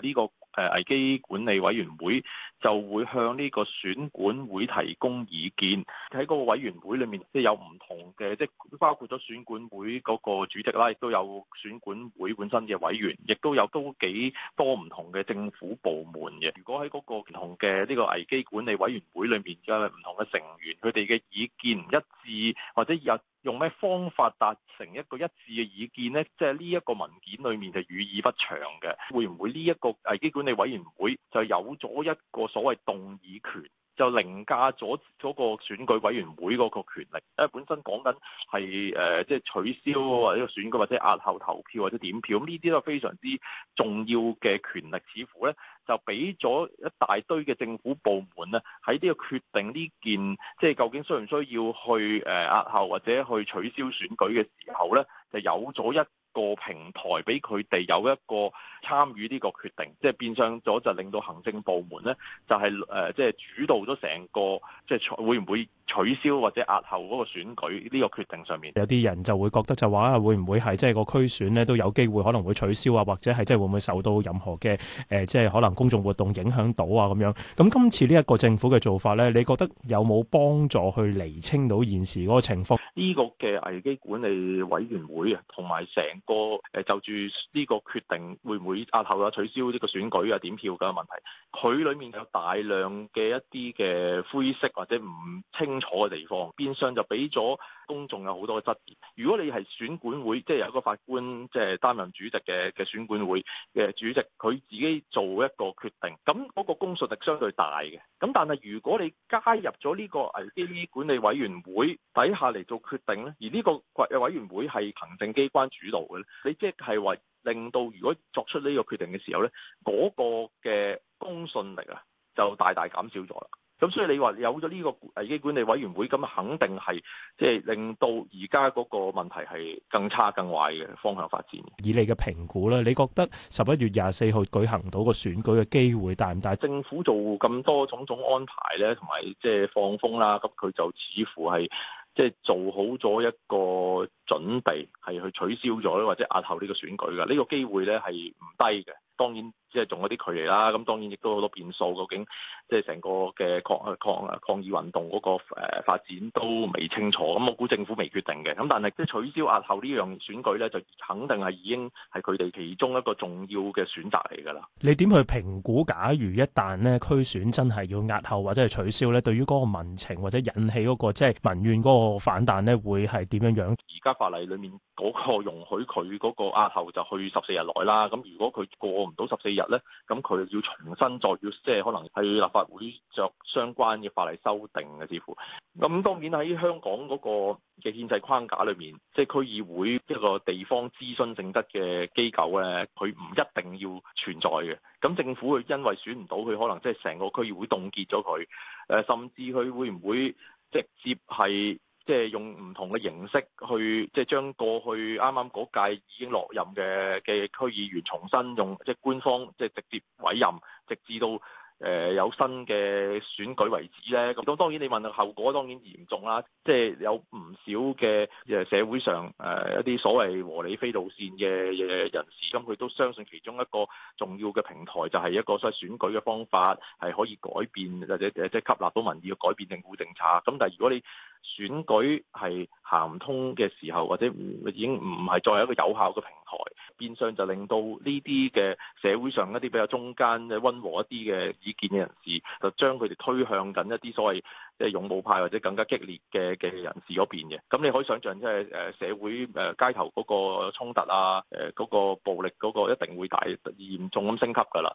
呢個誒危機管理委員會就會向呢個選管會提供意見。喺嗰個委員會裏面，即係有唔同嘅，即係包括咗選管會嗰個主席啦，亦都有選管會本身嘅委員，亦都有都幾多唔同嘅政府部門嘅。如果喺嗰個唔同嘅呢個危機管理委員會裏面嘅唔同嘅成員，佢哋嘅意見一致或者有。用咩方法達成一個一致嘅意見咧？即係呢一個文件裏面就語意不詳嘅，會唔會呢、這、一個危機管理委員會就有咗一個所謂動議權？就凌駕咗嗰個選舉委員會嗰個權力，因為本身講緊係誒即係取消或者選舉或者押後投票或者點票，呢啲都非常之重要嘅權力，似乎咧就俾咗一大堆嘅政府部門咧喺呢個決定呢件，即係究竟需唔需要去誒押後或者去取消選舉嘅時候咧，就有咗一個平台俾佢哋有一個參與呢個決定，即係變相咗就令到行政部門咧就係、是、誒、呃，即係主導咗成個，即係會唔會。取消或者押後嗰個選舉呢個決定上面，有啲人就會覺得就話會唔會係即係個區選咧都有機會可能會取消啊，或者係即係會唔會受到任何嘅誒，即係可能公眾活動影響到啊咁樣，咁今次呢一個政府嘅做法咧，你覺得有冇幫助去釐清到現時嗰個情況？呢個嘅危機管理委員會啊，同埋成個誒，就住呢個決定會唔會押後啊、取消呢個選舉啊、點票嘅問題，佢裏面有大量嘅一啲嘅灰色或者唔清。坐嘅地方，變相就俾咗公眾有好多嘅質疑。如果你係選管會，即係有一個法官即係擔任主席嘅嘅選管會嘅主席，佢自己做一個決定，咁嗰個公信力相對大嘅。咁但係如果你加入咗呢個危機管理委員會底下嚟做決定咧，而呢個委委員會係行政機關主導嘅咧，你即係話令到如果作出呢個決定嘅時候呢，嗰個嘅公信力啊就大大減少咗啦。咁所以你話有咗呢個危機管理委員會，咁肯定係即係令到而家嗰個問題係更差更壞嘅方向發展。以你嘅評估咧，你覺得十一月廿四號舉行到個選舉嘅機會大唔大？政府做咁多種種安排咧，同埋即係放風啦，咁佢就似乎係即係做好咗一個準備，係去取消咗咧，或者押後呢個選舉嘅呢個機會咧係唔低嘅。當然即係仲有啲距離啦，咁當然亦都好多變數。究竟即係成個嘅抗啊抗啊抗議運動嗰個誒發展都未清楚，咁我估政府未決定嘅。咁但係即係取消押後呢樣選舉咧，就肯定係已經係佢哋其中一個重要嘅選擇嚟㗎啦。你點去評估？假如一旦咧區選真係要押後或者係取消咧，對於嗰個民情或者引起嗰個即係民怨嗰個反彈咧，會係點樣樣？而家法例裡面嗰個容許佢嗰個押後就去十四日內啦。咁如果佢過唔到十四日咧，咁佢要重新再要，即係可能係立法會著相關嘅法例修訂嘅，似乎咁當然喺香港嗰個嘅憲制框架裏面，即係區議會一個地方諮詢性質嘅機構咧，佢唔一定要存在嘅。咁政府佢因為選唔到，佢可能即係成個區議會凍結咗佢，誒甚至佢會唔會直接係。即係用唔同嘅形式去，即係將過去啱啱嗰屆已經落任嘅嘅區議員重新用，即係官方即係直接委任，直至到誒、呃、有新嘅選舉為止咧。咁咁當然你問後果，當然嚴重啦。即係有唔少嘅誒社會上誒、呃、一啲所謂和理非路線嘅人士，咁佢都相信其中一個重要嘅平台就係一個所謂選舉嘅方法係可以改變，或者即係吸納到民意去改變政府政策。咁但係如果你選舉係行唔通嘅時候，或者已經唔係再係一個有效嘅平台，變相就令到呢啲嘅社會上一啲比較中間、即係溫和一啲嘅意見嘅人士，就將佢哋推向緊一啲所謂即係勇武派或者更加激烈嘅嘅人士嗰邊嘅。咁你可以想象即係誒社會誒街頭嗰個衝突啊，誒、那、嗰個暴力嗰個一定會大嚴重咁升級㗎啦。